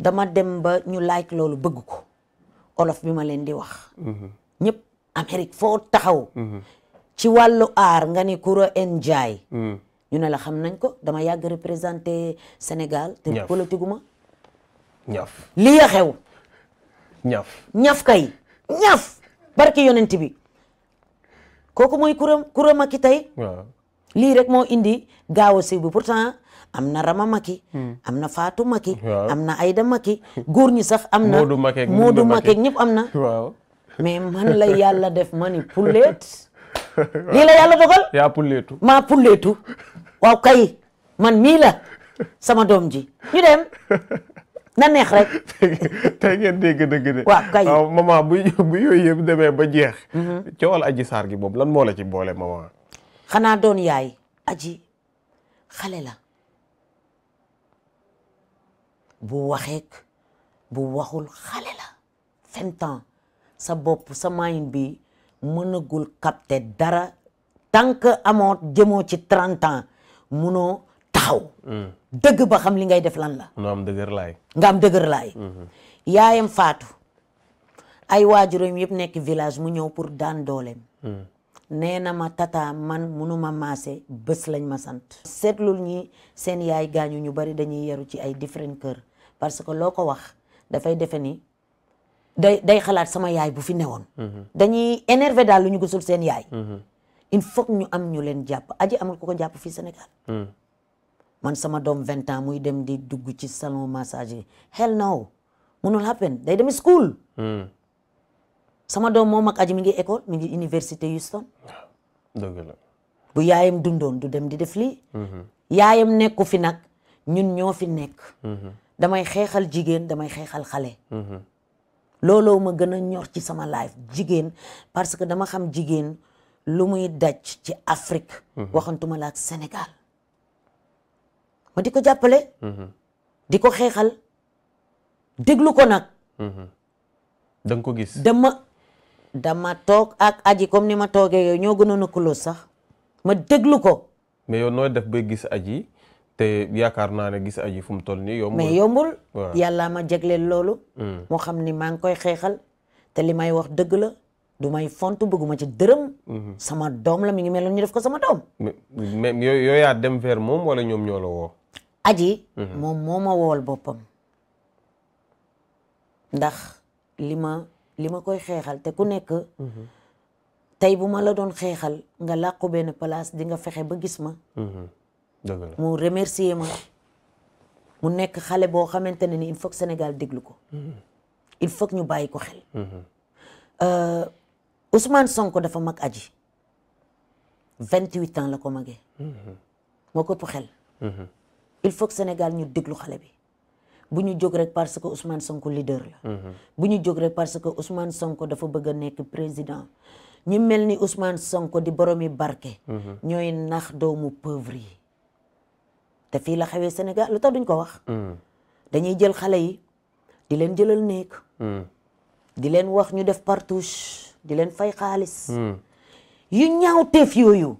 dama dem ba ñu like loolu bëgg ko olof bi ma leen di wax mhm. ñëpp Amérique foo taxaw mhm. ci wàllu ar nga ni Koura Ndiaye mhm. ñu ne la xam nañ ko dama yàgg représenté senegal te politique ma ñaf li ya xew ñaf kay ñaf barki yonent bi kooku mooy Koura Koura Macky tey rek moo indi gaaw a siiw bi pourtant am na Rama Maki. Hmm. am na Fatou Maki. am na Aida Maki. góor ñi sax am na. Moodu Maki Moodu am na. waaw man la yàlla def ma ni pulleet. lii la yàlla dogal. yaa pulleetu maa pulleetu. waaw kay man mii la sama doom ji ñu dem. na neex rek. tey ngeen dégg dëgg de. waaw kay maman bu bu yooyu demee ba jeex. Mhm. coowal aji saar gi boobu lan moo la ci boole maman. xanaa doon yaay. aji xale la bu waxeek bu waxul xale la vingt sa bopp sa mind bi mënagul capter dara tant que amoo jëmoo ci trente ans munoo taxaw hmm. dëgg ba xam li ngay def lan la nga am dëgër laay nga am dëgër laay hmm. yaayam faatu ay waajuram yëpp nekk village mu ñëw pour daan dooleem hmm. nee na ma tata man munuma maase bës lañ ma sant seetlul ñi seen yaay gaañu ñu bari dañuy yaru ci ay different kër parce que loo ko wax dafay defe ni day day xalaat sama yaay bu fi newoon. Mhm. dañuy énervé daal lu ñu gisul seen yaay. Mhm. il faut ñu am ñu leen jàpp aji amul ko ko jàpp fii Sénégal. Mhm. man sama doom vingt muy dem di dugg ci salon massage yi hell no munul happen day dem school. sama doom moo ak aji mi ngi école mi ngi université Houston. Ah, bu yaayam dundoon du dem di def lii. yaayam nekku fi nag ñun ñoo fi nekk. damay xeexal jigéen damay xeexal xale. Mm-hmm. looloo ma gën a ñor ci sama life jigéen parce que dama xam jigéen lu muy daj ci Afrique. Mm-hmm. waxantuma la ak Sénégal. ma di ko jàppale. Mm-hmm. di ko xeexal déglu ko nag. da ko gis dama dama toog ak aji comme ni ma toogee ñoo gën a close sax ma déglu ko. mais yow nooy def ba gis aji. te yaakaar naa ne gis aji fu mu toll nii yombul mais yombul yàllaa ma jagleel loolu hmm. moo xam ni maa ngi koy xeexal te li may wax dëgg la du may fontu bëgguma ci dërëm hmm. sama doom la mi ngi mel ñu def ko sama doom mais dem vers moom wala ñoom ñoo la woo aji hmm. moom moo ma wool boppam ndax li ma li ma koy xeexal te ku nekk tey bu ma la doon xeexal nga làqu benn place di nga fexe ba gis ma mu remercier ma mu nekk xale boo xamante ne ni il faut que déglu ko mm-hmm. il faut ñu bàyyi ko xel mm-hmm. euh, Ousmane Sonko dafa mag aji vingt huit ans la ko magee mm-hmm. moo ko ëpp xel il faut que Sénégal ñu déglu xale bi bu ñu jóg rek parce que Ousmane Sonko leader bu ñu jóg parce que Ousmane Sonko dafa bëgg a nekk président ñi mel ni Ousmane Sonko di boromi barke ñooy nax doomu pauvre te fii la xewee Sénégal lu tax duñ ko wax. Mm. dañuy jël xale yi di leen jëlal néeg. Mm. di leen wax ñu def partouche di leen fay xaalis. Mm. yu ñaaw teef yooyu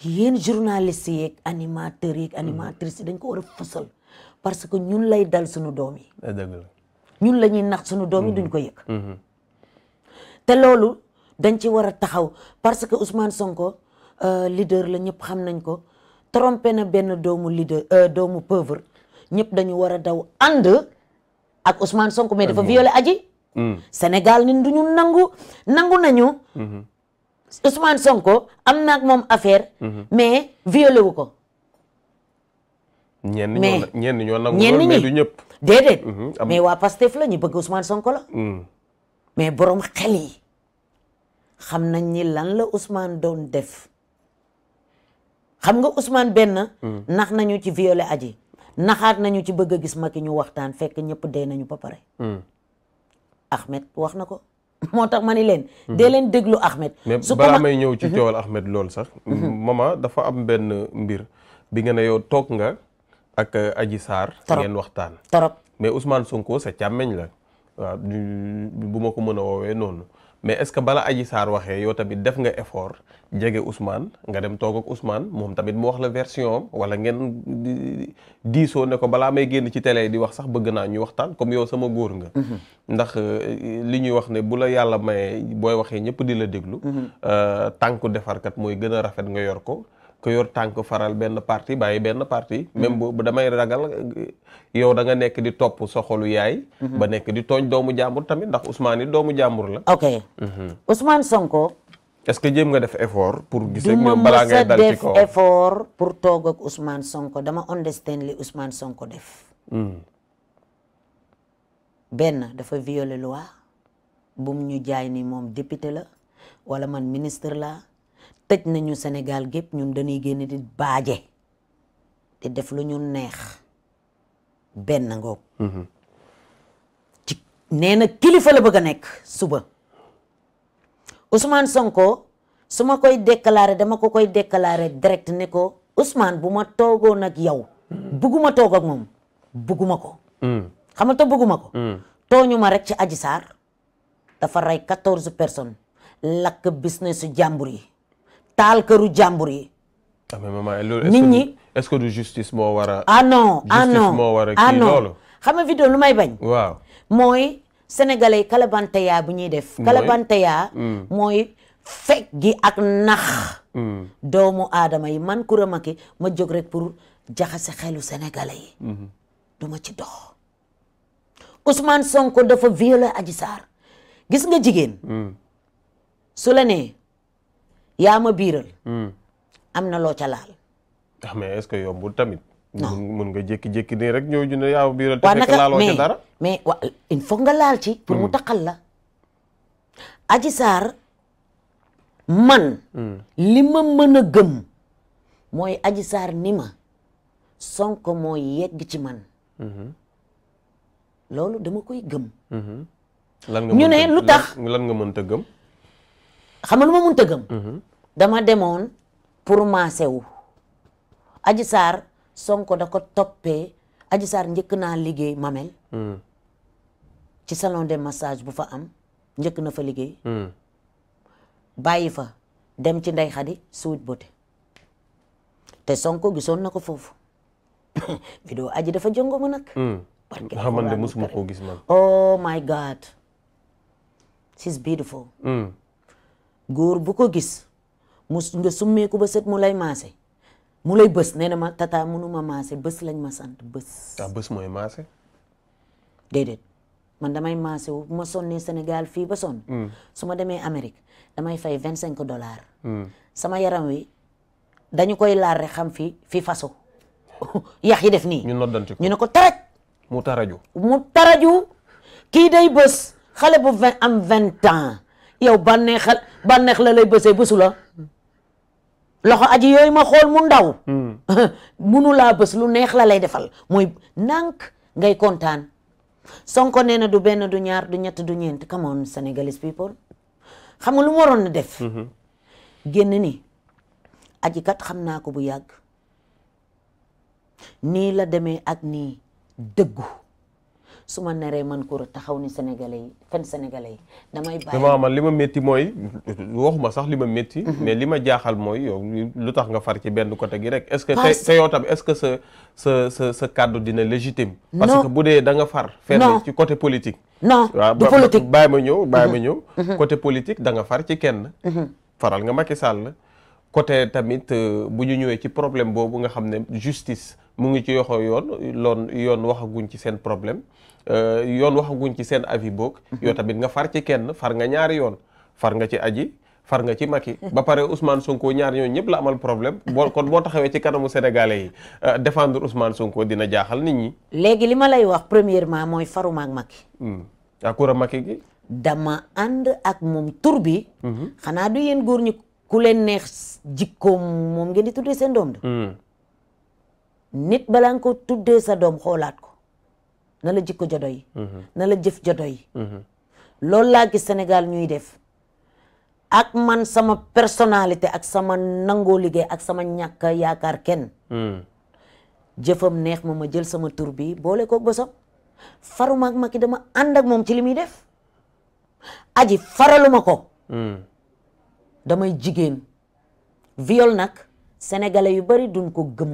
yéen journalistes yeeg animateurs yeeg animatrices yi dañ ko parce que ñun lay dal suñu doom yi. Eh, ñun la ñuy nax suñu doom yi mm-hmm. duñ ko yëg. Mm-hmm. te loolu dañ ci war a taxaw parce que Ousmane Sonko euh, leader la ñëpp xam nañ ko. trompé na benn doomu leader euh, doomu pauvre ñëpp dañu war a daw ànd ak Ousmane Sonko mais dafa violé aji mm. Sénégal nit duñu nangu nangu nañu mm-hmm. Ousmane Sonko am na ak moom affaire mm-hmm. mais violé wu ko ñenn ñoo ñenn ñoo nangu loolu mais du ñëpp déedéet mm-hmm. mais waa Pastef la ñu bëgg Ousmane Sonko la mm. mais borom xel yi xam nañ ni lan la Ousmane doon def xam nga Ousmane Benn hmm. nax nañu ci violé aji naxaat nañu ci bëgg a gis mag Macky ñu waxtaan fekk ñëpp dee nañu ba pare hmm. Ahmed wax na ko moo tax ma ni leen hmm. dee leen déglu Ahmed su balaa may ñëw ci mhm. coowal Ahmed loolu sax mhm. mama dafa am benn mbir bi nga ne yow toog nga ak euh, Adji Sarr ngeen waxtaan torop mais Ousmane Sonko sa càmmeñ la waaw bu ma ko mën a woowee noonu mais est-ce que bala Adji Sarr waxee yow tamit def nga effort jege Ousmane nga dem toog ak Ousmane moom tamit mu wax la version am wala ngeen diisoo ne ko balaa may génn ci tele di wax sax bëgg naa ñu waxtaan comme yow sama góor nga. Mhm. ndax euh, li ñuy wax ne bu la yàlla mayee booy waxee ñëpp di la déglu. Mhm. Euh, tànku defarkat mooy gën a rafet nga yor ko. ku yor tànk faral benn parti bàyyi benn parti. même boobu damay ragal yow da nga nekk di topp soxolu yaay. Mhm. ba nekk di tooñ doomu jàmbur tamit ndax Ousmane doomu jàmbur la. ok mhm. Sonko. est-ce que jéem nga def effort pour gis ak ñoom balaa ngay pour toog ak Ousmane Sonko dama understand usmaan Ousmane Sonko def. Hmm. benn dafa violer loi bum ñu jaay ni moom député la wala man ministre la tëj nañu Sénégal gépp ñun dañuy génn di baaje di def lu ñu neex benn ngoog mhm. ci nee na kilifa la bëgg a nekk suba Ousmane Sonko su ma koy déclarer dama ko koy déclarer direct ne ko Ousmane bu ma toogoon ak yow bugguma toog ak moom bugguma ko mm. xam nga te bugguma ko mm. tooñu ma rek ci Adji Sarr dafa rey quatorze personnes lakk business su yi taal këru jàmbur yi. Ah, nit ñi est-ce que du justice moo war a. ah non ah non ah lu may bañ. waaw mooy sénégalais kalabanteya bu ñuy def. mooy kalabanteya. Mm. mooy fekk gi ak nax. Mm. doomu aadama yi man Coura Macky ma jóg rek pour jaxase xelu sénégalais yi. Mm-hmm. du ma ci dox. Ousmane Sonko dafa violé Adji Sarr gis nga jigéen. Mm. su yaama ma biiral. Hmm. am na loo ca laal. ah mais est-ce que yombul tamit. non mun nga jékki-jékki nii rek ñëw ju ne yaa ma biiral. te fekk laaloo dara mais wa il nga laal ci. pour mu hmm. taxal la. Adji man. Hmm. li ma mën a gëm. mooy Adji Sarr ni ma. Sonko moo yegg ci man. loolu dama koy gëm. lan nga ñu lu tax lan nga mënta gëm. xam nga lu ma gëm. dama demoon pour maase wu Adji Sonko da ko toppee Adji Sarr njëkk naa liggéey Mamel mm. ci salon de massage bu fa am njëkk na fa liggéey mm. fa dem ci Ndey Xadi Sweet Beauté te Sonko gisoon na ko foofu vidéo Adji dafa jongoma nag hmm. barke ah, man de musuma koo gis man oh my god she's beautiful mm. góor bu ko gis mu nga summeeku ba set mu lay maase mu lay bës nee na ma tata mënuma maase bës lañ ma sant bës. ah bës mooy maase. déedéet man damay maase wu bu ma sonnee Sénégal fii ba sonn. Mm. su ma demee Amérique damay fay vingt cinq dollars. Mm. sama yaram wi dañu koy laar rek xam fi fi faso yax yi def nii. ñu noddanti ñu ne ko taraj. mu taraju. mu taraju kii day bës xale bu vingt am vingt ans yow bànneex bànneex la lay bësee bësu la. loxo aji yooyu ma xool mu ndaw hmm. munu laa bës lu neex la lay defal mooy nànk ngay kontaan Sonko nee na du benn du ñaar du ñett du ñeent come on Senegalese people xam nga lu mu waroon na def hmm. génn ni aji kat xam naa ko bu yàgg nii la demee ak nii dëggu su ma naree man ko taxaw ni sénégalais yi fen sénégalais yi damay bàyyi li ma métti mooy waxuma sax li ma métti mais li ma jaaxal mooy yow lu tax nga far ci benn côté gi rek est-ce que te yow tam est-ce que sa sa sa sa kàddu dina légitime parce que bu dee da nga far fenn ci côté politique non du politique ma ñëw bàyyi ma mm-hmm. ñëw mm-hmm. côté politique da nga far ci kenn mm-hmm. faral nga Macky Sall côté tamit euh, bu ñu ñëwee ci problème boobu nga xam ne justice mu ngi ci yoxoo yoon loon yoon waxaguñ ci seen problème euh, yoon waxaguñ ci seen avis boog. Mhm. yoo tamit nga far ci kenn far nga ñaari yoon far nga ci aji far nga ci Macky mhm. ba pare Ousmane Sonko ñaari ñooñu ñëpp la amal problème boo kon boo taxawee ci kanamu sénégalais yi euh, défendre Ousmane Sonko dina jaaxal nit ñi. léegi li ma lay wax premièrement mooy faruma ak Macky. d'accord hmm. gi. dama ànd ak moom tur bi. Mhm. xanaa du yéen góor ñi ku leen neex jikkoom moom ngeen di tuddee seen doom hmm. nit balaa nga ko tuddee sa doom xoolaat ko na la jikko jodo yi mhm. na la jëf jodo yi mhm. loolu laa gis senegal ñuy def ak man sama personnalité ak sama nangoo liggéey ak sama ñàkk yaakaar kenn mhm. jëfam neex ma ma jël sama tur bi boole koo bosam faruma ak Macky dama ànd ak moom ci li muy def aji faraluma ko damay jigéen viol nag sénégalais yu bari duñ ko gëm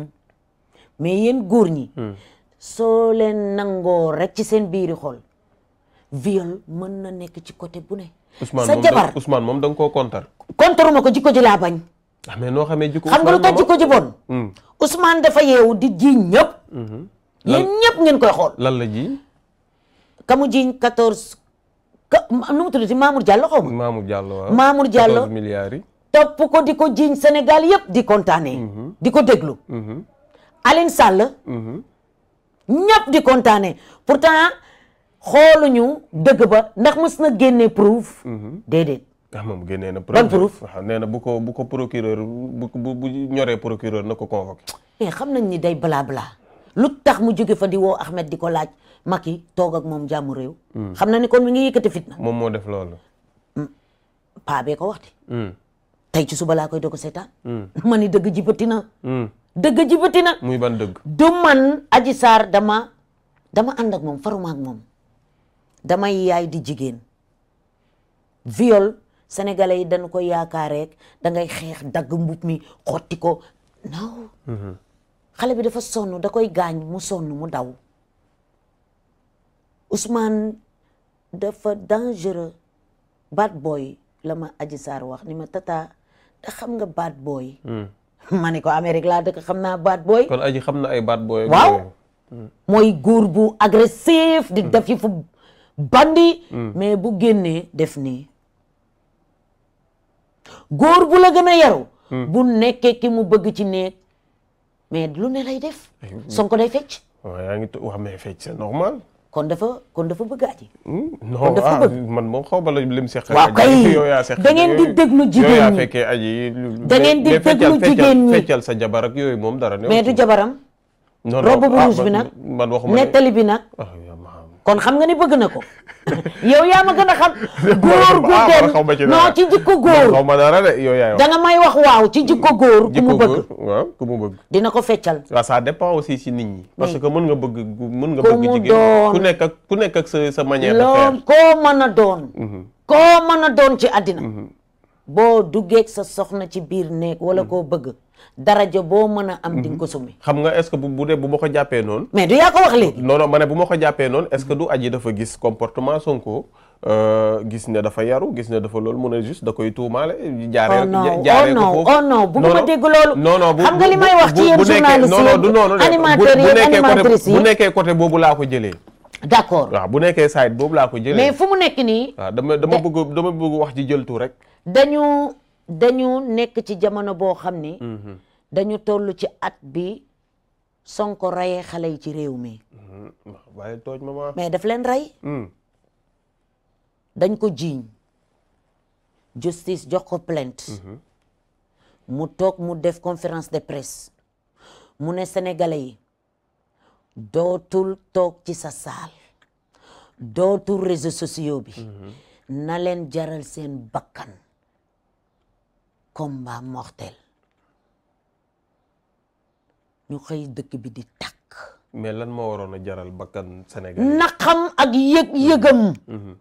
mais yéen góor ñi hmm. soo leen nangoo rek ci seen biir biiri xool viol mën na nekk ci côté bu ne sa jabar Ousmane moom da nga koo kontar kontaruma ko jikko ji laa bañ ah mais noo xamee jikko xam nga lu tax jikko ji bon hmm. Hmm. Ousmane dafa yeewu di jiiñ ñëpp yéen ngeen koy xool lan la ji kamu jiiñ quatorze nu mu tuddati Mamour Diallo xaw ma Mamour Diallo waaw Mamour Diallo yi topp ko di ko jiiñ Sénégal yëpp di kontaanee di ko déglu Aline Sall. ñëpp di kontaanee pourtant ñu dëgg ba ndax mës na génnee preuve. déedéet. ah moom génnee na preuve ban na bu bu ko procureur bu bu ñoree procureur na ko convoqué. mais eh, xam nañ ni day balaa balaa lu tax mu jóge fa di woo Ahmed di ko laaj Macky toog ak moom jàmm réew. Hmm. xam na ni kon mi ngi yëkkati fitna. moom moo def loolu. Hmm. paa bee ko waxti hmm. tey ci suba laa koy doog a seetaan. ma ni dëgg jibati na. dëgg jibati na. muy ban dëgg. du man Adji Sarr dama dama ànd ak moom faruma ak moom damay yaay di jigéen viol sénégalais yi dañu ko yaakaar rek da ngay xeex dagg mbub mi xotti ko non. Mm-hmm. xale bi dafa sonn da koy gaañ mu sonn mu daw Ousmane dafa dangereux bad boy la ma Adji Sarr wax ni ma tata da xam nga bad boy. Mm. ma ne ko Amérique laa dëkk xam naa bad boy. kon aji xam na ay bad boy. waaw hmm. mooy góor bu agressif. di hmm. def yi fu bandi. Hmm. mais bu génnee def nii. góor bu la gën a yaru. bu nekkee ki mu bëgg ci néeg mais lu ne lay def. Sonko day fecc. waaw yaa ngi wax mais fecc c'est normal. kon dafa kon dafa bëgg aji. Hmm? kon dafa ah, bëgg man moom xaw ma la lim seq. waaw kay da dëgg di déglu jigéen ñi fekkee aji da ngeen di jigéen ñi feccal sa jabar ak yooyu moom dara. mais du jabaram. non non robe bu ah, rouge bi nag. man waxuma nettali bi nag. Ah, kon xam nga ni bëgg na ko yow yaa ma gën a xam góor gu ah, dem non ci jikko góor may wax waaw ci jikko góor ku mu bëgg dina ko feccal waaw ah, ça dépend aussi si nit ñi parce que mën nga bëgg mën nga bëgg jigéen ku nekk ak ku nekk ak sa sa manière de mën a doon mhm. ko mën a doon ci àddina mhm. boo duggeeg sa soxna ci biir néeg wala mhm. koo bëgg daraja boo mën a am di nga mhm. ko summi xam nga est-ce que bu bu dee bu ma ko jàppee noonu mais du yaa ko wax léegi non non ma ne bu ma ko jàppee noonu est-ce que du mhm. dafa gis comportement Sonko euh, gis ne dafa yaru gis ne dafa loolu mu ne juste da koy tuumaale jaaree oh oh ko foofu oh bu ma dégg loolu non non xam nga li may wax ci bu nekkee côté boobu laa ko jëlee d'accord waaw bu nekkee side boobu laa ko jëlee mais fu mu nekk nii waaw dama dama bëgg dama bëgg wax ji jëltu rek dañu nekk ci jamono boo xam ni mhm. dañu toll ci at bi Sonko rayee xale yi ci réew mi mhm. waaye mais daf leen rey mm. dañ ko jiiñ justice jox ko plainte mhm. mu toog mu def conférence de presse mu ne senegale yi dootul toog ci sa dootul réseaux sociaux bi na leen jaral seen bakkan combat mortel ñu xëy dëkk bi di tàkk mais lan moo waroon a jaral bakkan Sénégal naqam ak yëg-yëgam mm-hmm.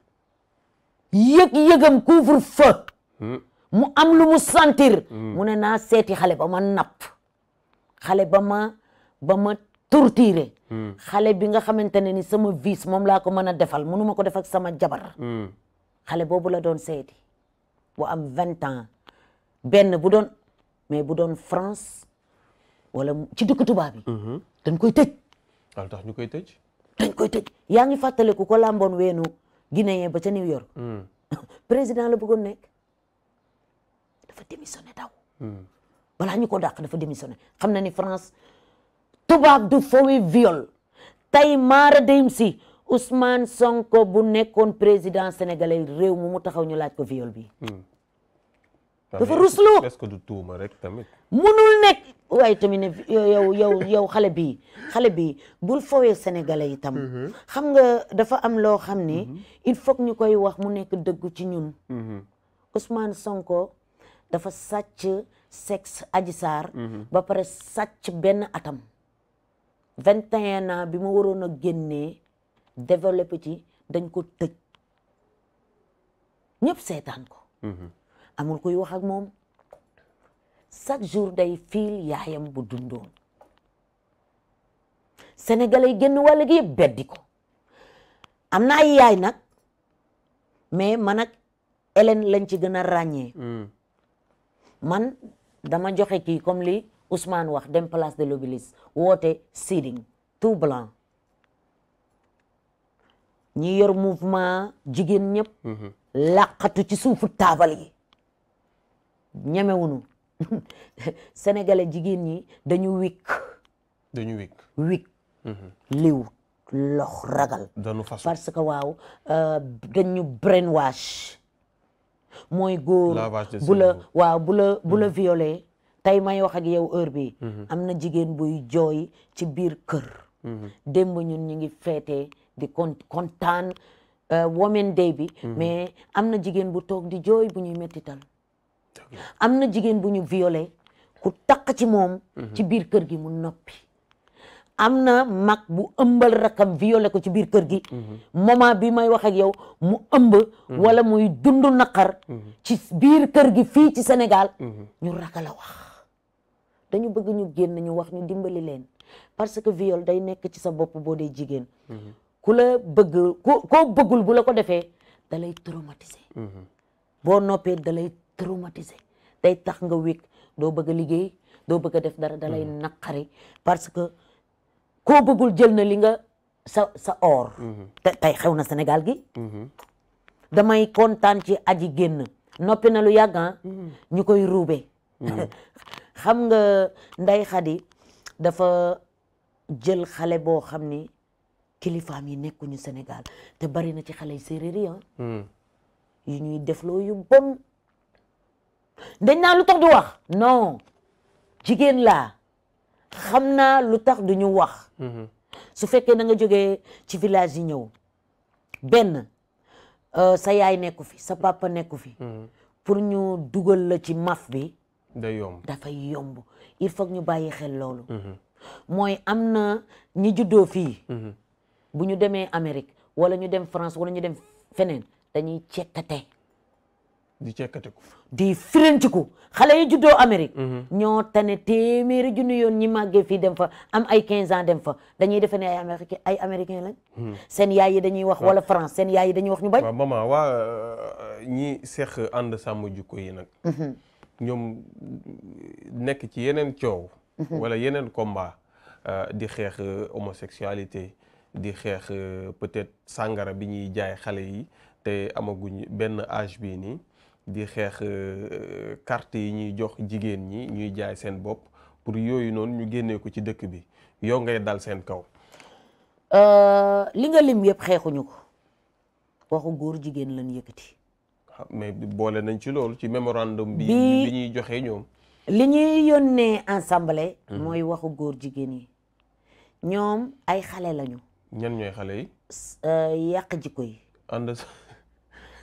yëg-yëgam couvre-feu mm-hmm. mu am lu mu sentir mm-hmm. mu ne naa seeti xale ba ma napp xale ba ma ba ma torturé xale bi nga xamante ne ni sama vice moom laa ko mën a defal mënuma ko def ak sama jabar xale boobu la doon seeti bu am vingt benn bu doon mais bu doon France wala ci dëkk tubaab yi. Mhm. dañ koy tëj. waaw tax ñu koy tëj. dañ koy tëj yaa ngi fàttaliku ko lamboon weenu Guinéen ba ca New York. Mm. président la bëggoon nekk dafa démissionné daw. Mm. balaa ñu ko dàq dafa démissionné xam na ni France tubaab du foowi viol tey maara dem si Ousmane Sonko bu nekkoon président sénégalais réew mu mu taxaw ñu laaj ko viol bi. Mm. dafa rusloo est-ce que du tuuma rek tamit. nekk waaye tamit ne yow xale bii bul fowee sénégalais yi tam. Mhm. xam nga dafa am loo xam ni. Mhm. il foog ñu koy wax mu nekk dëggu ci ñun. Mhm. Ousmane Sonko dafa sàcc sexe Adji ba pare sàcc benn atam. vingt et bi mu waroon a génnee développé ci dañ ko tëj ñëpp seetaan ko. amul kuy wax ak moom chaque jour day fiil yaayam bu dundoon sénégalais yi génn wàll gi am na ay yaay nag mais man ak Hélène lañ ci gën a ràññee hmm. man dama joxe kii comme li Ousmane wax dem place de l'Obélisque woote seeding tout blanc ñi yor mouvement jigéen ñëpp làqatu ci suufu taabal yi ñemewuñu sénégalais jigéen ñi dañu wik dañu wik wik mhm. liw lox ragal parce que waaw euh, dañu brainwash mooy góor bu la waaw bu la bu la mhm. violé tey may yow heure bi mhm. am na jigéen buy jooy ci biir kër démb ñun ñu ngi feetee di kon kontaan euh, women day bi mais am na jigéen bu toog di jooy bu ñuy mettital am na jigéen bu ñu violé ku takk ci moom mhm. ci biir kër gi mu noppi am na mag bu ëmbal rakam violé ko ci biir kër gi mhm. moment bi may wax ak yow mu ëmb mhm. wala muy dund naqar ci biir kër gi fii ci Sénégal ñu ragal a wax dañu bëgg ñu génn ñu wax ñu dimbali leen parce que viol day nekk ci sa bopp boo dee jigéen ku la bëgg ku bëggul bu la ko defee da lay traumatiser boo noppee da traumatisé day tax nga wékk doo bëgg liggéey doo bëgg a def dara dalay mhm. naqari parce que koo bëggul jël na li nga sa sa or mhm. te tey xew na senegal gi mhm. damay kontaan ci aji génn noppi na lu yàggan ah. ñu koy ruube xam nga nday xadi dafa jël xale boo xam ni kilifaam yi nekkuñu Sénégal te bari na ci xale yi séeréer yi ah. ñuy defloo yu bon dañ naa lu tax du wax non jigéen laa xam naa lu tax du ñu wax mhm. su fekkee na nga ci village yi ñëw benn euh, sa yaay nekku fi sa papa nekku fi mhm. pour ñu dugal la ci maf bi day yomb dafay yomb il faut ñu bàyyi xel loolu mhm. am na ñi juddoo fii bu ñu demee Amérique wala ñu dem France wala ñu dem feneen dañuy cekkate di cekkatiku di firentiku xale yi juddoo Amérique. ñoo tane téeméeri junni yoon ñi màggee fii dem fa am ay quinze ans dem fa dañuy defe ne ay américain ay américain lañ. Hmm. seen yaay yi dañuy wax wala France seen yaay yi dañuy wax ñu bañ. waaw maman waa euh, ñi seq ànd sàmm jikko yi nag. Mhm. ñoom nekk ci yeneen coow. Mhm. wala yeneen combat euh, di xeex euh, homosexualité di xeex peut-être sàngara bi ñuy jaay xale yi te amaguñ benn âge bii nii. di xeex euh, euh, carte yi ñuy jox jigéen ñi ñuy jaay seen bopp pour yooyu noonu ñu génnee ko ci dëkk bi yow ngay dal seen kaw. Euh, li nga lim yëpp xeexuñu ko waxu góor jigéen lañ yëkkati. Ah, mais boole nañ ci loolu ci mémorandum bi ñuy joxe ñoom. li ñuy yónnee ensemble. Hmm. mooy waxu góor jigéen yi ñoom ay xale lañu. ñan ñooy xale yi. yàq jikko yi. ànd.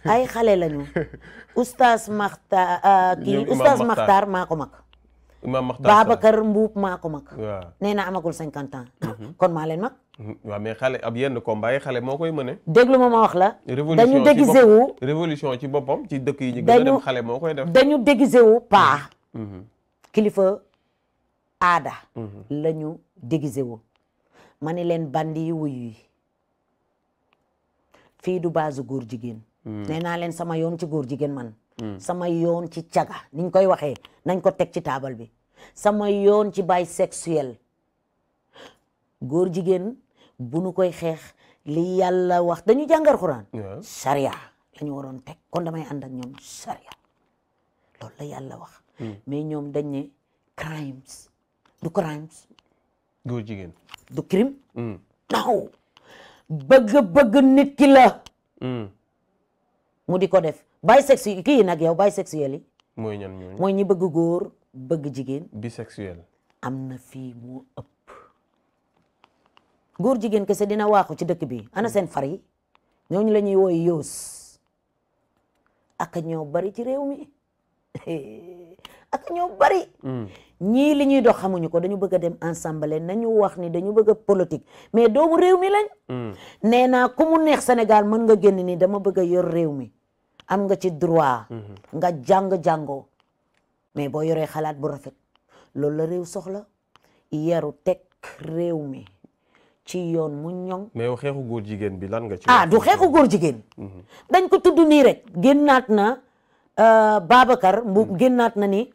ay xale lañu oustaz Makhtar ah, ah, kii Makhtar maa ko mag. imaam Makhtar Babacar Mbuub maa ko mag. waaw nee na amagul cinquante ans. Mhm. kon maa leen mag. Mm-hmm. waaw mais xale ab yenn combat yi xale moo koy mëne. déglu ma ma wax la. dañu déguisé ci boppam ci dëkk yi ñu moo koy def. dañu déguisé wu paa. Mm-hmm. Mm-hmm. kilifa aada. la ñu déguisé leen bandi yi wuyu yi fii du baasu góor jigéen. Mm. nee naa leen sama yoon ci góor jigéen man. sama yoon ci caga niñ koy waxee nañ ko teg ci taabal bi. sama yoon ci bisexuel góor jigéen bu nu koy xeex li yàlla wax dañu jàngar xuraan. sariya la ñu waroon teg kon damay ànd ak ñoom sariya loolu la yàlla wax. Mm. mais ñoom dañ ne crimes du crimes. góor jigéen. du crime. Mm. non bëgg bëgg nit ki la. mu di ko def bisexuel kii nag yow bisexuel yi. mooy ñan ñooñu mooy ñi bëgg góor bëgg jigéen. bisexuel. am na fii moo ëpp. góor jigéen kese dina waaxu ci dëkk bi ana seen far yi ñooñu la ñuy yos yoos ak ñoo bari ci réew mi. ak ñoo bari. Mm. ñii li ñuy dox xamuñu ko dañu bëgg a dem ensemble nañu wax ni dañu bëgg a politique mais doomu réew mi lañ. Mm. nee naa ku mu neex senegal mën nga génn ni dama bëgg a yor réew mi am nga ci droit. Mm-hmm. nga jàng jàngoo mais boo yoree xalaat bu rafet loolu la réew soxla yaru teg réew mi. ci yoon mu ñoŋ. mais yow xeexu góor jigéen bi lan nga ci. ah du xeexu góor jigéen. Mm-hmm. dañ ko tudd nii rek génnaat na Euh, Babacar mu hmm. génnaat na ni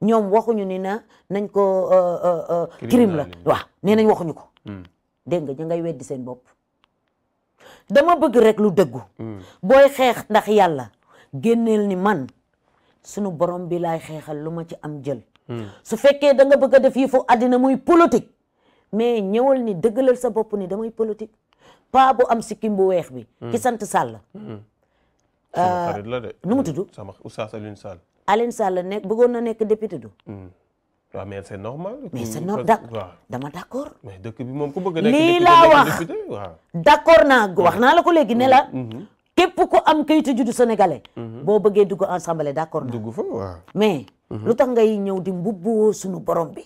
ñoom waxuñu ni na nañ ko euh, euh, crime la waaw ne nañ hmm. waxuñu ko hmm. dégg nga ñu ngay weddi seen bopp dama bëgg rek lu dëggu booy xeex ndax yàlla génneel ni man sunu borom bi laay xeexal lu ma ci am jël su fekkee da nga bëgg a def yi fu àddina muy politique mais ñëwal ni dëggalal sa bopp ni damay politique pa bu am sikkim bu weex bi ki sant Sall sama euh, xarit la de. nu mu tudd sama oustaz Alioune Sall. Alioune bëggoon na nekk député du. Hmm. waaw mais normal. dama d'accord. mais dëkk bi moom ku bëgg a nekk député lii laa wax naa la ko léegi ne hmm. la. Hmm. képp ku am kayitu juddu sénégalais. boo bëggee dugg ensemble d'accord naa. dugg fa waaw. mais. lu tax ngay ñëw di mbubboo sunu borom bi.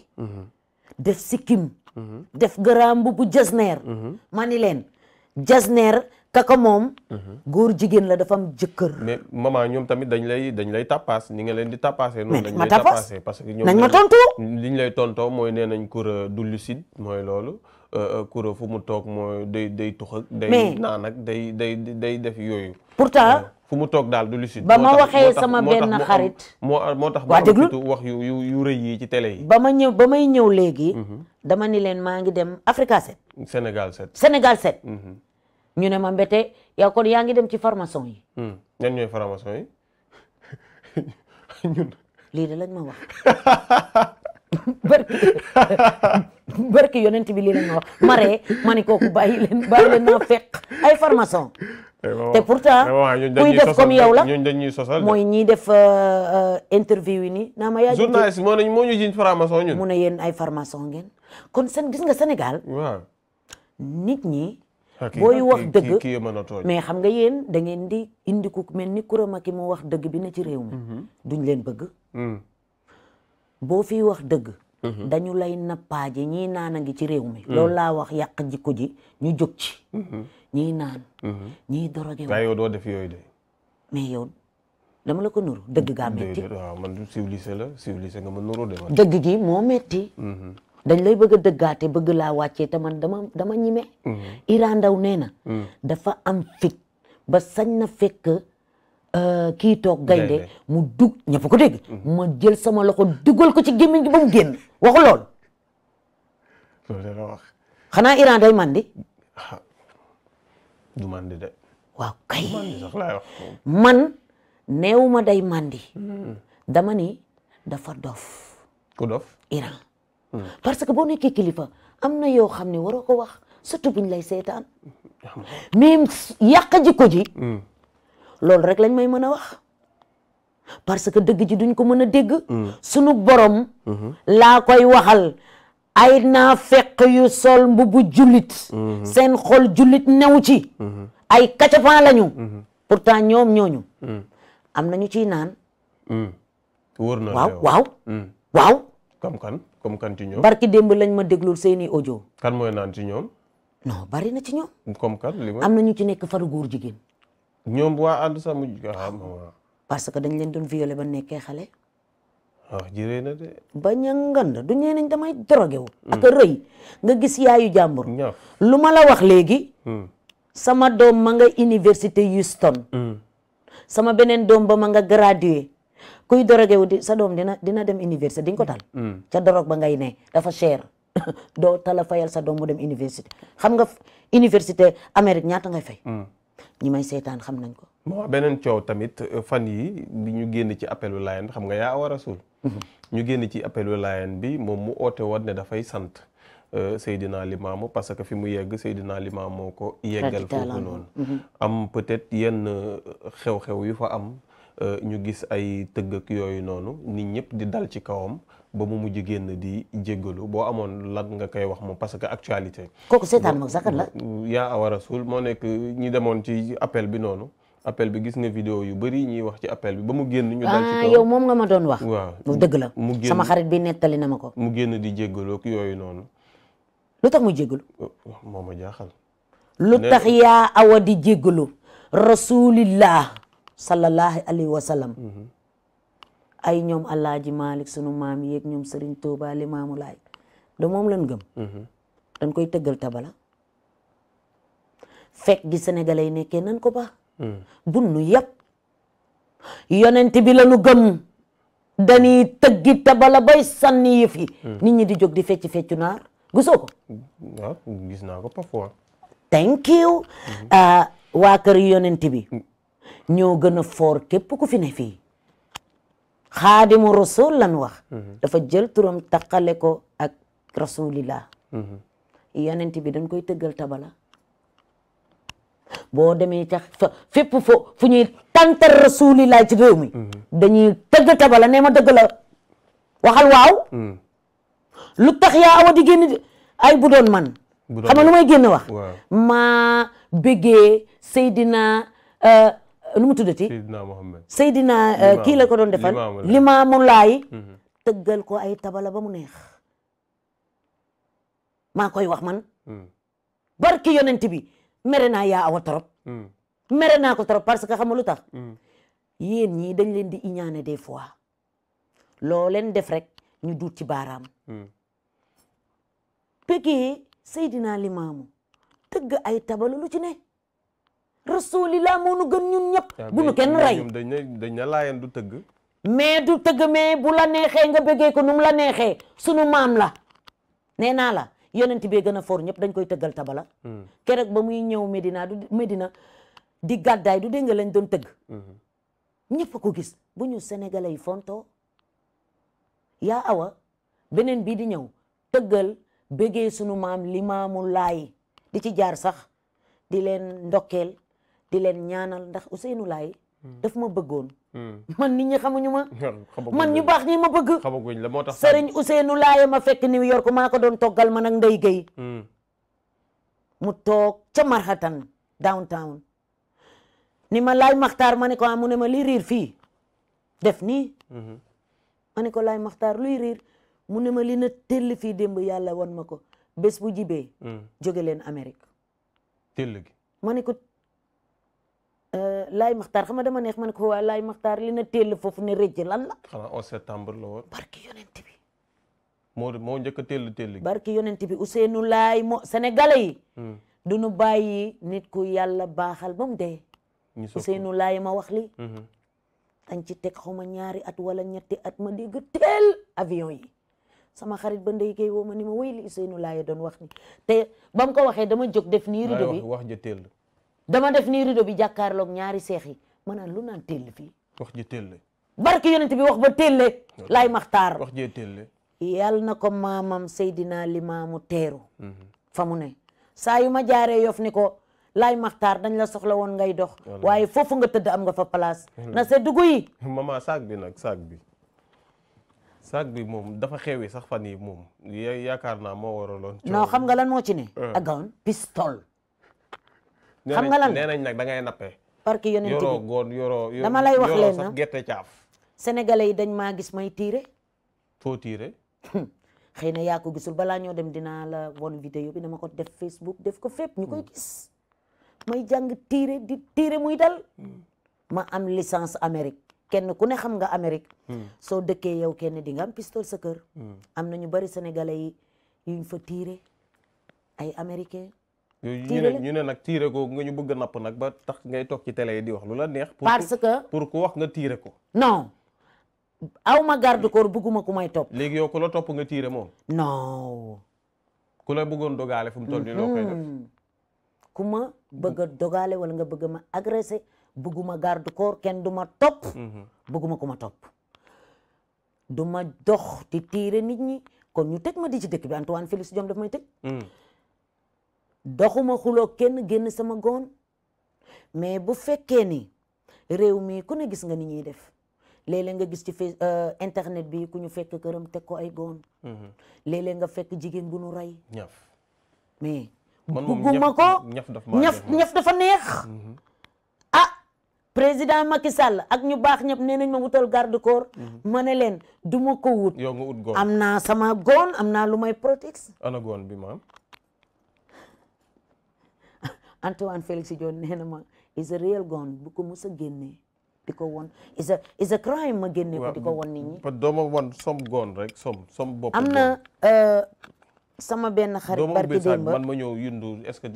def sikkim. def garaam bu bu jasneer. ma ni leen jasneer. kaka moom. Mhm. góor jigéen la dafa jëkkër. mais maman ñoom tamit dañ lay dañ lay tappaas ñu nga leen di tappaasee. noonu dañ lay tappaasee parce que ñoom. nañ ma tontu liñ lay tontoo mooy nee nañ kur euh, du lucide mooy loolu. Euh, euh, kuro fu mu toog mooy day day tux ak. day naan ak day day day def yooyu. pourtant fu mu toog daal du lucide. ba ma waxee sama benn xarit. moo moo tax moo tax wax yu yu yu rëy yi ci tele yi. ba ma ñëw ba may ñëw léegi. Mhm. dama ni leen maa ngi dem Africa 7. Sénégal 7. Sénégal 7. ñu ne ma mbete yaa kon yaa ngi dem ci formation yi. Hmm. ñan ñooy formation yi. ñun. lii de lañ ma wax. barki barki yonent bi lii lañ ma wax maree ma ne kooku bàyyi leen bàyyi leen ay farmation eh, te pourtant eh, kuy def comme yow la ñooñu dañuy sosal mooy ñuy def euh, euh, interview yi nii. naa ma yaa journaliste moo ñu jiñ formation ñun. mu ne yéen ay formation ngeen kon seen nga Sénégal. nit ñi. booy wax dëgg mais xam nga yéen da ngeen di indi ku mel ni ki moo wax dëgg bi na ci réew mi mhm. duñ leen bëgg mm. boo fi wax dëgg mhm. dañu lay nappaaje ñii naan a ngi ci réew mi mm. loolu laa wax yàq jikko ji ñu jóg ci mhm. ñii naan ñii doroge waaye yow doo def yooyu de mais yow dama la ko nuru dëgg gaa metti waaw man civilisé la civilisé nga ma nuru de dëgg gi moo metti dañ lay bëgg a dëggaate bëgg laa wàccee te man dama dama ñime mm-hmm. Iran Ndaw mm. dafa am fit ba sañ na fekk euh, kii toog gaynde mu dug ñëpp ko dégg mm-hmm. ma jël sama loko dugal ko ci gémmiñ gi ba mu génn waxu lool xanaa Iran day mandi ah, du mandi day mandi mm. dama dafa dof ku dof Iran parce que boo nekkee kilifa am na yoo xam ne waroo ko wax surtout buñ lay seetaan. même yàq jikko ji. Hmm. loolu rek lañ may mën a wax. parce que dëgg ji duñ ko mën a dégg. Hmm. sunu borom. Hmm. laa koy waxal ay naa fekk yu sol mbubu jullit. seen xol jullit new ci. ay la lañu. pourtant ñoom ñooñu. am na ñu ciy naan. wóor na waaw comme kan ci barki démb lañ ma déglul seeni ojo kan mooy naan ci ñoom. non bari na ci ñoom. comme am na ñu ci nekk far góor jigéen. ñoom waa ànd sa mujj. Ah, parce que dañ leen doon violé ba nekkee xale. Ah, ba ñangand du ñee nañ damay drogué wu. Mm. ak rëy nga gis yaayu jàmbur. lu ma la wax léegi. Mm. sama doom ma nga université Houston. Mm. sama benen doom ba ma nga gradué. kuy dorogé wu di sa doom dina dina dem université di nga ko tal mm. mm. ca dorog ba ngay ne dafa cher doo tala fayal sa doom mu dem université xam nga université Amérique ñaata ngay fay mm. ñi may seetaan xam nañ ko beneen coow tamit euh, fan yi ñu génn ci appelu Laayeen xam nga yaa war a suul mm-hmm. ñu génn ci appelu Laayeen bi moom mu oote woon ne dafay sant euh, Seydina Limaamu parce que fi mu yegg Seydina Limaamu moo ko yeggal foofu noonu mm-hmm. am peut-être yenn euh, xew-xew yu fa am Euh, ñu gis ay tëgg ak yooyu noonu nit ñëpp di dal ci kawam ba mu mujj génn di jéggalu boo amoon lan nga koy wax moom parce que actualité. kooku seetaan mag sax la. yaa awa rasul moo nekk ñi demoon ci appel bi noonu. appel bi gis nga vidéo yu bëri ñuy wax ci appel bi ba mu génn ñu dal ci ah, yow moom nga ma doon wax waaw mu dëgg la mu génn sama xarit bi nettali na ma ko mu génn di jéggaloo yooyu noonu oh, oh, ma jaaxal lu tax yaa awa di jéggalu rasulillah sallallahu alayhi wa sallam mhm. ay ñoom Alaaji Malik sunu maam yeeg ñoom tooba Touba Limaamu Laay da moom lañ gëm mhm. dañ koy tëggal tabala fekk gi sénégalais yi nekkee ko ba mhm. bun nu yàpp yonent bi lañu gëm dañuy tëggi tabala bay sànni yëf yi nit ñi di feccu naar gisoo ko waaw gis thank you ah, waa kër ñoo gën a foor képp ku fi ne fii xaadimu rasul lan wax mhm. dafa jël turam taqale ko ak rasulillah mhm. yonent bi dañ koy tëggal tabala boo demee ca fépp fo fu ñuy tantal rasulillah ci réew mi mhm. dañuy tëgg tabala nee ma dëgg la lu tax yaa awa di génn ay bu man xam nga lu may génn wax maa bëggee Seydina euh, lu mu tuddati Seydina Mohamed Seydina eh, kii la ko doon defal limaamu laay mhm. tëggal ko ay tabala ba mu neex maa koy wax man mhm. barki yonent bi mere naa ya awa trop mhm. mere naa ko trop parce que xam ma lu tax yéen ñii dañ leen di iñaane des fois loo leen def rek ñu duut ci baaraam pekee Seydina Limaamu tëgg ay tabalu lu ci ne rasulillah moo nu gën ñun ñëpp ah, bu nu kenn rey dañ na laayeen du tëgg mais du tëgg mais bu la neexee nga bëggee ko nu la neexee sunu maam la nee naa la yonent bee gën na foor ñëpp dañ koy tëggal tabala hmm. keroog ba muy ñëw Medina du Medina di gàddaay du dégg nga lañ doon tëgg hmm. ñëpp a ko gis bu ñu sénégalais yi fontoo yaa awa beneen bi di ñëw tëggal bëggee sunu maam limaamu laay di ci jaar sax di leen ndokkeel di leen ñaanal ndax Ousseynou Laye hmm. daf ma bëggoon hmm. man nit ñi ñu ma man ñu baax ñi ma bëgg xamaguñ la moo tax Serigne Ousseynou Laye ma fekk New York maa ko doon toggal ma ak Ndeye Gueye hmm. mu toog ca Manhattan downtown ni ma laay maxtaar ma ne ko ah, mu ne ma li riir fii def nii ma ne ko laay maxtaar luy riir mu ne ma li tell fii démb yàlla won ma ko bés bu jibee jóge leen tell gi ko Laay Maxtaar xam nga dama neex ma ne ko waa Laay Maxtaar li na teel foofu ne rëcc lan la. xanaa 11 septembre la woon. barki yonent bi. moo moo njëkk a teel teel. barki yonent bi Ousseynou Laay mo senegal yi. Hmm. du nu bàyyi nit ku yàlla baaxal ba de dee. ñu Ousseynou Laay ma wax li hmm. dañ ci teg xaw ma ñaari at wala ñetti at ma dégg teel avion yi sama xarit ba ndey kay woo ma ni ma woy li Ousseynou Laay doon wax ni te ba mu ko waxee dama jog def nii. rido bi wax ja dama def ni rido bi jàkkaarloog ñaari seex yi ma naan lu naan tell fii. wax ji telle. barke yonent bi wax ba telle. lay maxtaar wax jee telle. yal na ko maamam Seydina Limaamu teeru. Mhm. fa mu ne saa yu ma jaare yof ni ko laay maxtaar dañ la soxla woon ngay dox. waaye foofu nga tëdd am nga fa place. na se dugg yi. saak bi nag saag bi. saag bi moom dafa xewi sax fa yi moom yaakaar naa moo waraloon. non xam nga lan moo ci ne. Euh. ak pistol. xam nga lan nee nañ nag da ngay nappe. barke yonent bi yoroo góor yoroo dama lay wax leen na gerte caaf. sénégalais yi dañ maa gis may tiire. foo tiire. xëy na yaa ko gisul balaa ñoo dem dinaa la won vidéo bi ma ko def Facebook def ko fépp ñu koy hmm. gis. may jàng tiire di tiire muy dal. Hmm. ma am licence Amérique kenn ku ne xam nga Amérique. Hmm. soo dëkkee yow kenn di nga am pistol sa kër. am na ñu bari sénégalais yi yuñ fa tiire ay américain ñu ne ñu ne nag tiire ko nga ñu bëgg a napp nag ba tax ngay toog ci tele yi di wax lu la neex. parce que pour ku wax nga tiire ko. non aw ma garde corps bëgguma ku may topp. léegi yow ku la topp nga tiire moom. non. la bëggoon dogaale fu mu toll nii loo mm-hmm. ma bëgg dogaale wala nga bëgg ma agressé bëgguma garde kenn du ma topp. Mm-hmm. bëgguma ku ma topp. du ma dox ti tiire nit ñi kon ñu teg ma di ci dëkk bi Antoine Félix Diome daf may teg. doxuma xuloo kenn génn sama goon mais bu fekkee ni réew mii ku ne gis nga ni ñuy def léeg nga gis ci face euh, internet bi ku ñu fekk këram teg ko ay goon mhm. léeg-léeg nga fekk jigéen bu nu rey ñaf mais bugguma ko ñaf ñaf dafa neex mhm. ah président Macky Sall ak ñu baax ñëpp nee nañ ma wutal garde corps mhm. ma ne leen duma ko wut yow nga wut am naa sama goon am naa lu may protex ana goon bi maam Antoine Félix Diome si na ma is a real gun bu ko mos a génnee di ko won is a crime ma génne ko di ko won nit ñi. parce won som gun rek som som bopp. am na uh, sama benn xarit. barki démb man ma ñëw yundu est que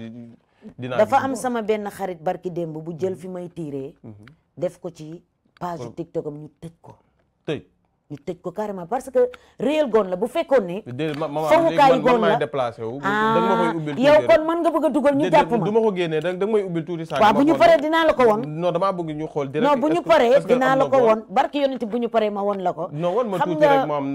dafa am sama benn xarit barki démb bu jël fi may tiiree. Mhm. def ko ci page TikTok am ñu tëj ko. ñu teg ko carrément parce que réel goon la bu fekkoon ne. fawukaayu goon la déplacé wu. Ah. yow kon mën nga bëgg dugal ñu jàpp ma du ma ko génnee da nga may ubbil tuuti saa waaw bu ñu paree dinaa la ko woon non damaa bëgg xool direct non bu ko woon barki yonent bu ñu paree ma woon la ko non woon ma tuuti rek ma am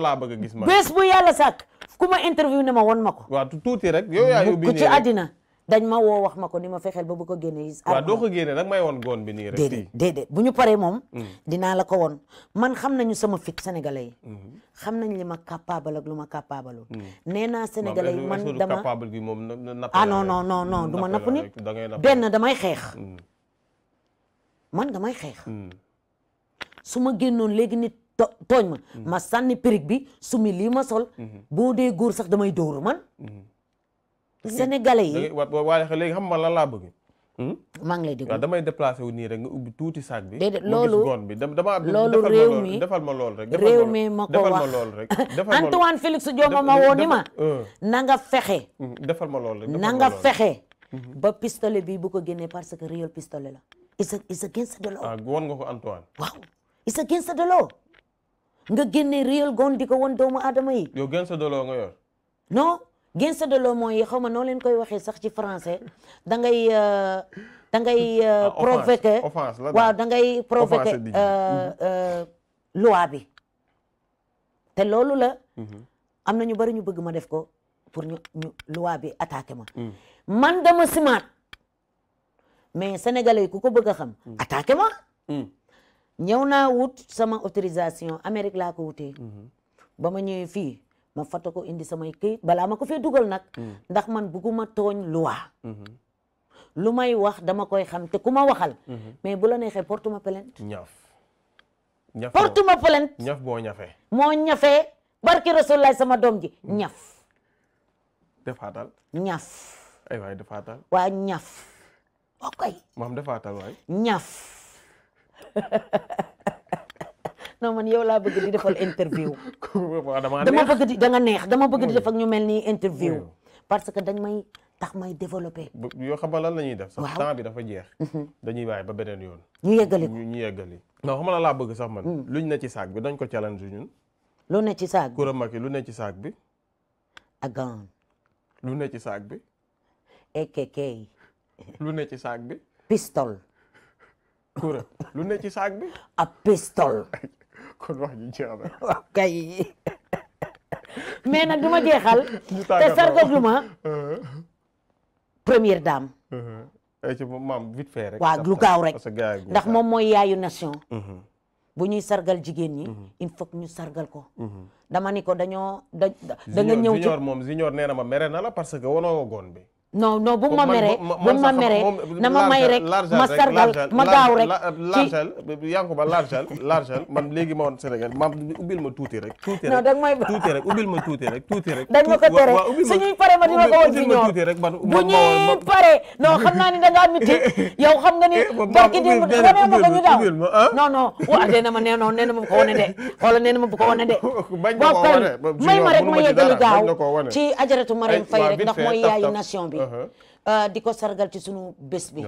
laa bëgg a gis ma bés bu yàlla sàkk ku ma interview ne ma woon ma ko tuuti rek yow yaa yóbbi ku ci àddina dañ ma woo wax ma ko ni ma fexeel ba bu ko génne waaw doo ko génne nag may woon goon bi nii rek déedéet déedéet bu ñu paree moom mm. dinaa la ko woon man xam nañu sama fit sénégalais yi mm-hmm. xam nañ li ma capable lu ma capable mm. nee naa sénégalais yi man dama capable gi moom napp ah non non non non du ma benn damay xeex mm. man damay xeex su ma génnoon léegi nit tooñ ma ma sànni périg bi su mi lii ma sol mm-hmm. boo dee góor sax damay door man mm-hmm. sénégalais yi waaye léegi xam ma lan laa bëgg. Hmm? maa ngi lay déglu waaw damay déplacé wu nii rek nga ubbi tuuti saak bi. déedéet loolu bi dama loolu réew mi defal ma lool rek. réew mi ma ko wax defal ma Antoine Félix Diome ma woo ma. Euh. na nga hmm, defal ma lool rek na nga fexe. Hmm. ba pistolet bi bu ko génnee parce que réel pistolet la. it's a it's woon ah, nga ko Antoine. waaw it's against the nga génne réel gun di ko woon doomu aadama yi. yow against the nga yor. non. ginsa de l'eau yi xaw ma noo leen koy waxee sax ci français da ngay euh, da ngay euh, ah, provoqué waaw da ngay provoqué euh, loi bi te loolu la mhm. am na ñu bari ñu bëgg ma def ko pour ñu ñu loi bi attaqué ma mhm. man dama simaat mais sénégalais yi ku ko bëgg a xam mhm. ma ñëw naa wut sama autorisation Amérique laa ko wutee ba ma ñëwee fii ma foto ko sama samay këyit balaa ma ko fee dugal nag mm. ndax man bugguma tooñ loi mm-hmm. lu may wax dama koy xam te ku ma waxal mm-hmm. mais bu la neexee porte ma plainte ñaf ñaf porte ma plainte ñaf boo ñafee moo ñafee barki rasulullah sama doom ji mm. ñaf defaatal ñaf ay waay defaatal waa ñaf ok maam defaatal waay ñaf non man yow laa bëgg di defal interview. dama bëgg di da nga dama bëgg di def ñu mel ni interview. parce que dañ may tax may développé. yoo xam nga lan la ñuy def. sax temps bi dafa jeex. Mhm. dañuy bàyyi ba beneen yoon. ñu yeggali ñu yeggali. non xam nga laa bëgg sax man. Hmm. luñ ne ci saag dañ ko challenge ñun. lu ne ci saag bi Coura Macky lu ne ci saag bi. ne ci saag bi. ekk lu ci saag bi. pistol. Coura lu ne ci saag bi. a pistol. kon wax ji jeex na. waaw kay mais nag du ma jeexal. te sargagluma première dame. Uh-huh. ci maam vite fait rek. lu gaaw rek ndax moom mooy yaayu nation. Uh-huh. bu ñuy sargal jigéen ñi. Uh-huh. il faut que ñu sargal ko. dama ni ko dañoo da da nga ñëw ci. moom junior nee na ma mere na la parce que wanoo goon bi. non non bu ma meree bu ma meree na ma may rek ma sargal ma gaaw rek ci ba largel largel man léegi ma woon Sénégal ma ubbil ma tuuti rek tuuti rek non dag may tuuti rek ubbil ma tuuti rek tuuti rek dañ ma ko tere suñuy pare ma dina ko woon ci ñoom bu ñuy pare non xam naa ni da ngaa miti yow xam nga ni eh, barki di ma ko ñu daw ah? non non wa dee ah, na ma nee non nee na ma ko wane de wala nee na ma bu ko wane de waaw kay may ma rek ma yeggali gaaw ci ajaratu Marème eh, Faye rek ndax mooy yaayu nation bi bi uh-huh. uh, di ko sargal ci sunu bés bi